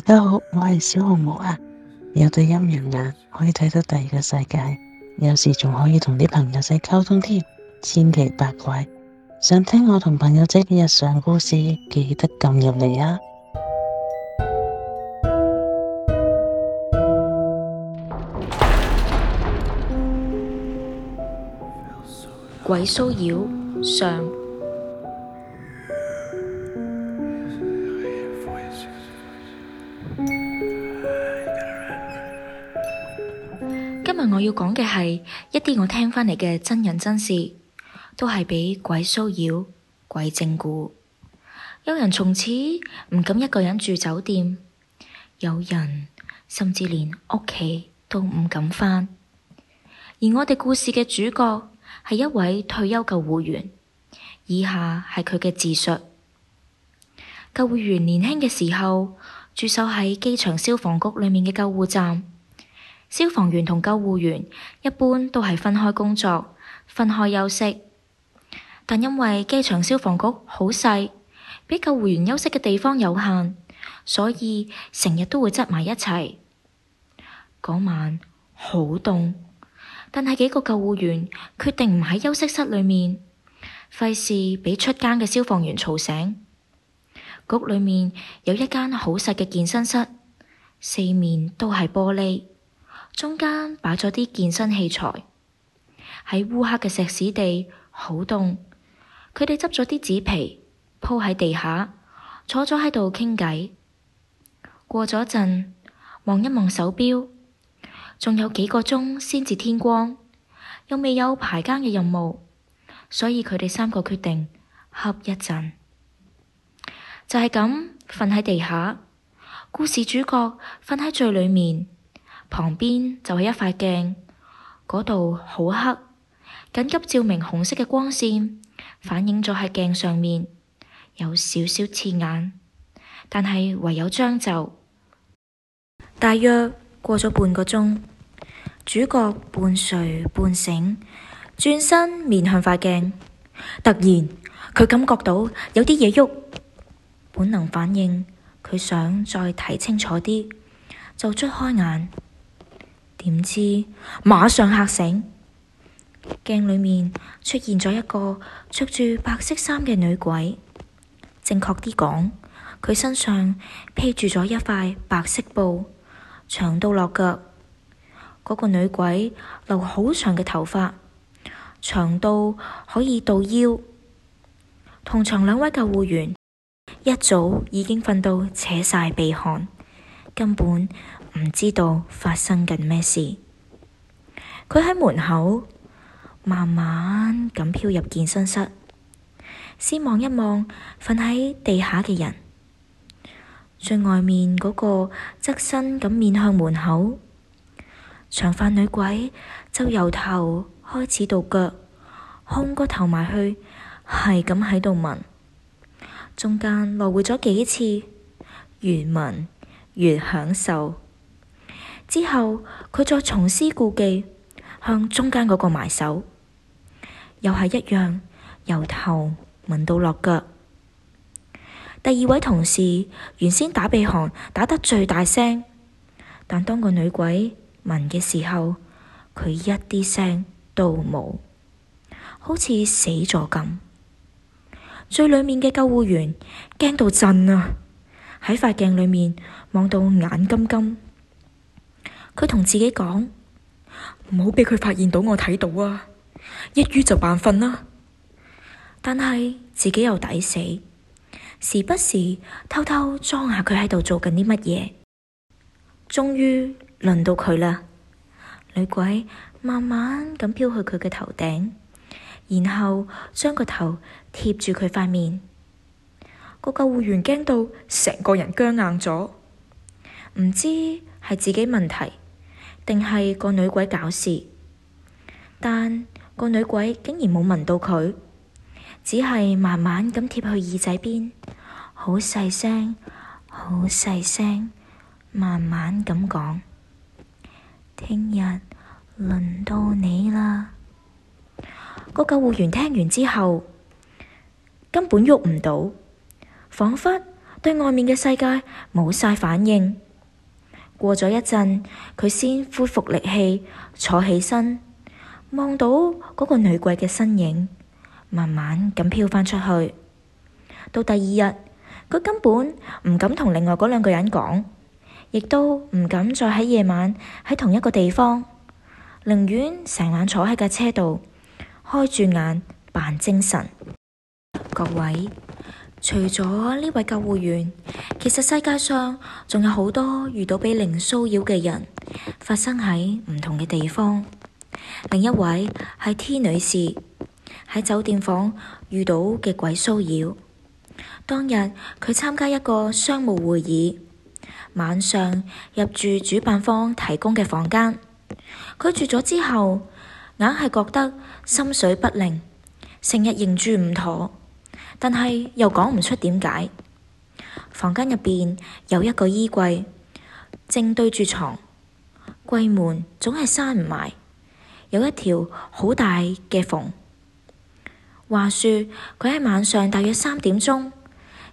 大家好，我係小紅帽啊，有對陰陽眼可以睇到第二個世界，有時仲可以同啲朋友仔溝通添，千奇百怪。想聽我同朋友仔嘅日常故事，記得撳入嚟啊！鬼騷擾，上。要講嘅係一啲我聽返嚟嘅真人真事，都係俾鬼騷擾、鬼整蠱，有人從此唔敢一個人住酒店，有人甚至連屋企都唔敢返。而我哋故事嘅主角係一位退休救護員，以下係佢嘅自述。救護員年輕嘅時候，駐守喺機場消防局裏面嘅救護站。消防員同救護員一般都係分開工作、分開休息，但因為機場消防局好細，俾救護員休息嘅地方有限，所以成日都會擠埋一齊。嗰晚好凍，但係幾個救護員決定唔喺休息室裏面，費事俾出更嘅消防員嘈醒。局裏面有一間好細嘅健身室，四面都係玻璃。中間擺咗啲健身器材，喺烏黑嘅石屎地好凍，佢哋執咗啲紙皮鋪喺地下，坐咗喺度傾偈。過咗陣，望一望手錶，仲有幾個鐘先至天光，又未有排更嘅任務，所以佢哋三個決定瞌一陣，就係咁瞓喺地下。故事主角瞓喺最裏面。旁邊就係一塊鏡，嗰度好黑，緊急照明紅色嘅光線反映咗喺鏡上面，有少少刺眼，但係唯有將就。大約過咗半個鐘，主角半睡半醒，轉身面向塊鏡，突然佢感覺到有啲嘢喐，本能反應佢想再睇清楚啲，就捽開眼。點知，馬上嚇醒，鏡裏面出現咗一個着住白色衫嘅女鬼。正確啲講，佢身上披住咗一塊白色布，長到落腳。嗰個女鬼留好長嘅頭髮，長到可以到腰。同場兩位救護員一早已經瞓到扯晒鼻鼾，根本，唔知道發生緊咩事，佢喺門口慢慢咁飄入健身室，先望一望瞓喺地下嘅人，最外面嗰個側身咁面向門口，長髮女鬼就由頭開始到腳，哄個頭埋去，係咁喺度聞，中間來回咗幾次，越聞越享受。之後，佢再重施故技，向中間嗰個埋手，又係一樣，由頭聞到落腳。第二位同事原先打鼻鼾打得最大聲，但當個女鬼聞嘅時候，佢一啲聲都冇，好似死咗咁。最裡面嘅救護員驚到震啊，喺塊鏡裏面望到眼金金。佢同自己講唔好畀佢發現到我睇到啊，一於就扮瞓啦。但係自己又抵死，時不時偷偷裝下佢喺度做緊啲乜嘢。終於輪到佢啦，女鬼慢慢咁飄去佢嘅頭頂，然後將個頭貼住佢塊面。個救護員驚到成個人僵硬咗，唔知係自己問題。定係個女鬼搞事，但個女鬼竟然冇聞到佢，只係慢慢咁貼去耳仔邊，好細聲，好細聲，慢慢咁講：聽日輪到你啦！個救護員聽完之後，根本喐唔到，仿佛對外面嘅世界冇晒反應。過咗一陣，佢先恢復力氣，坐起身，望到嗰個女鬼嘅身影，慢慢咁飄翻出去。到第二日，佢根本唔敢同另外嗰兩個人講，亦都唔敢再喺夜晚喺同一個地方，寧願成晚坐喺架車度，開住眼扮精神。各位。除咗呢位救護員，其實世界上仲有好多遇到被靈騷擾嘅人，發生喺唔同嘅地方。另一位係 T 女士，喺酒店房遇到嘅鬼騷擾。當日佢參加一個商務會議，晚上入住主辦方提供嘅房間。佢住咗之後，硬係覺得心水不寧，成日認住唔妥。但係又講唔出點解。房間入邊有一個衣櫃，正對住床。櫃門總係閂唔埋，有一條好大嘅縫。話說佢喺晚上大約三點鐘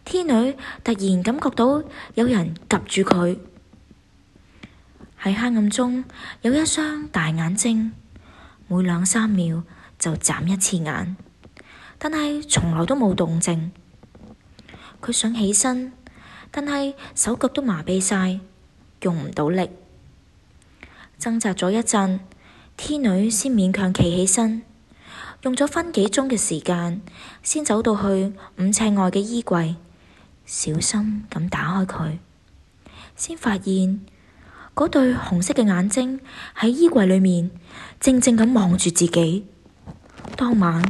，T 女突然感覺到有人 𥄫 住佢，喺黑暗中有一雙大眼睛，每兩三秒就眨一次眼。但係從來都冇動靜，佢想起身，但係手腳都麻痹晒，用唔到力。掙扎咗一陣，T 女先勉強企起身，用咗分幾鐘嘅時間，先走到去五尺外嘅衣櫃，小心咁打開佢，先發現嗰對紅色嘅眼睛喺衣櫃裏面，靜靜咁望住自己。當晚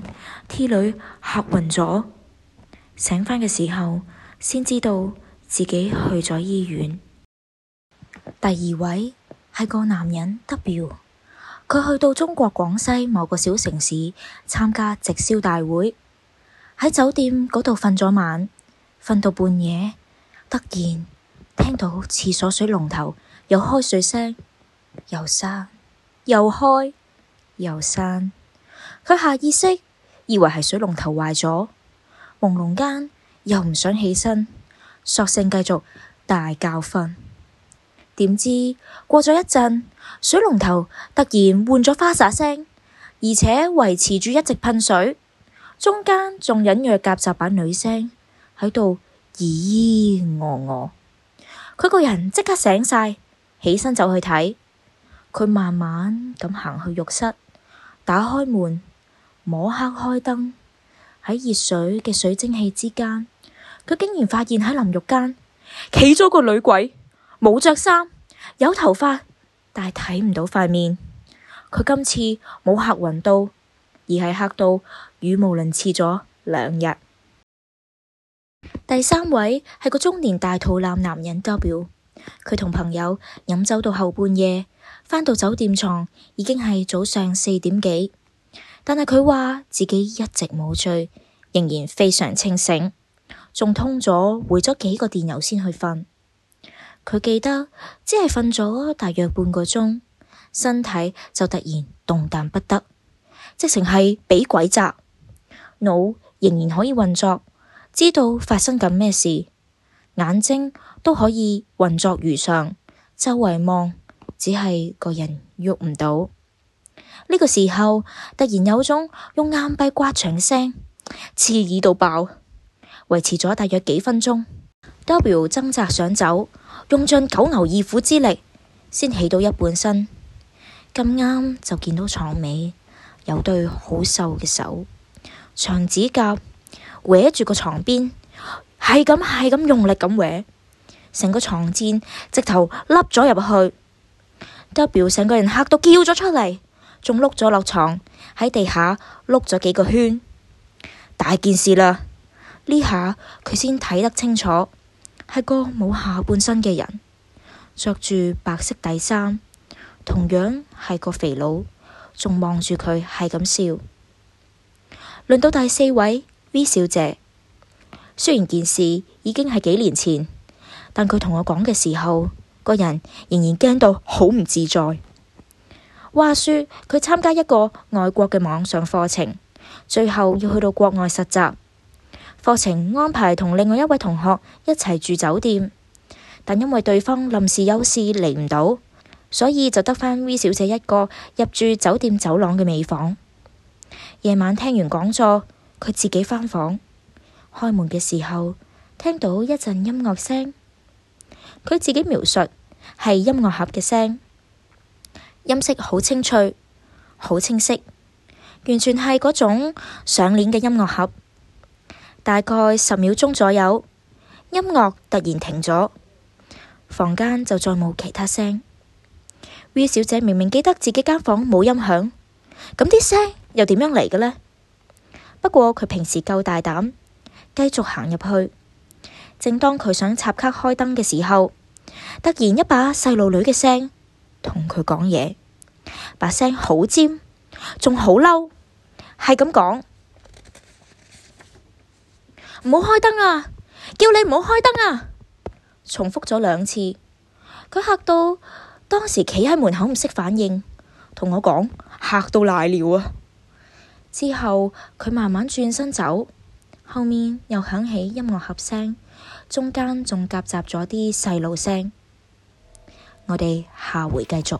T 女嚇暈咗，醒翻嘅時候先知道自己去咗醫院。第二位係個男人 W，佢去到中國廣西某個小城市，參加直銷大會，喺酒店嗰度瞓咗晚，瞓到半夜，突然聽到廁所水龍頭有開水聲，又閂又開又閂。佢下意識以為係水龍頭壞咗，朦朧間又唔想起身，索性繼續大覺瞓。點知過咗一陣，水龍頭突然換咗花灑聲，而且維持住一直噴水，中間仲隱約夾雜把女聲喺度咦咦喔喔。佢個人即刻醒晒，起身走去睇。佢慢慢咁行去浴室，打開門。摸黑開燈，喺熱水嘅水蒸氣之間，佢竟然發現喺淋浴間企咗個女鬼，冇着衫，有頭髮，但係睇唔到塊面。佢今次冇嚇暈到，而係嚇到語無倫次咗兩日。第三位係個中年大肚腩男人 W，佢同朋友飲酒到後半夜，返到酒店床已經係早上四點幾。但係佢話自己一直冇醉，仍然非常清醒，仲通咗回咗幾個電郵先去瞓。佢記得只係瞓咗大約半個鐘，身體就突然動彈不得，直情係畀鬼砸。腦仍然可以運作，知道發生緊咩事，眼睛都可以運作如常，周圍望，只係個人喐唔到。呢個時候，突然有種用硬幣刮牆聲，刺耳到爆，維持咗大約幾分鐘。W 掙扎想走，用盡九牛二虎之力先起到一半身，咁啱就見到床尾有對好瘦嘅手長指甲，搲住個床邊，係咁係咁用力咁搲，成個床墊直頭凹咗入去。W 成個人吓到叫咗出嚟。仲碌咗落床，喺地下碌咗幾個圈，大件事啦！呢下佢先睇得清楚，係個冇下半身嘅人，着住白色底衫，同樣係個肥佬，仲望住佢係咁笑。輪到第四位 V 小姐，雖然件事已經係幾年前，但佢同我講嘅時候，個人仍然驚到好唔自在。話説佢參加一個外國嘅網上課程，最後要去到國外實習。課程安排同另外一位同學一齊住酒店，但因為對方臨時有事嚟唔到，所以就得返 V 小姐一個入住酒店走廊嘅尾房。夜晚聽完講座，佢自己返房，開門嘅時候聽到一陣音樂聲。佢自己描述係音樂盒嘅聲。音色好清脆，好清晰，完全係嗰種上鏈嘅音樂盒。大概十秒鐘左右，音樂突然停咗，房間就再冇其他聲。V 小姐明明記得自己間房冇音響，咁啲聲又點樣嚟嘅呢？不過佢平時夠大膽，繼續行入去。正當佢想插卡開燈嘅時候，突然一把細路女嘅聲。同佢講嘢，把聲好尖，仲好嬲，係咁講，唔好開燈啊！叫你唔好開燈啊！重複咗兩次，佢吓到當時企喺門口唔識反應，同我講吓到瀨尿啊！之後佢慢慢轉身走，後面又響起音樂盒聲，中間仲夾雜咗啲細路聲。我哋下回繼續。